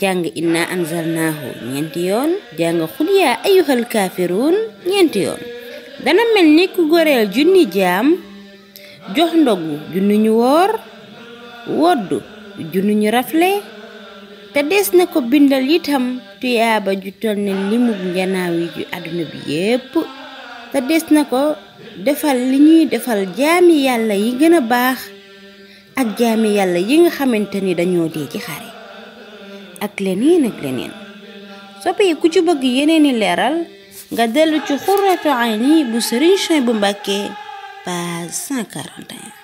jàng inna anzalnaahu ñeenti yoon jàng xul yaa ayuhal kaafiruun ñeenti yoon dana mel ni ku goreel junni jaam jox ndogu junni ñu woor wodd junni ñu rafle te des na ko bindal itam tuyaaba ju toll ne limub njanaaw ju àdduna bi yépp te des na ko defal li ñuy defal jaami yàlla yi gën a baax ak jaami yàlla yi nga xamante ni dañoo dee ci xare ak leneen ak leneen soppe ku ci bëgg yeneeni leeral nga dellu ci xurratu ayni bu Serigne Souhaïbou Mbacké page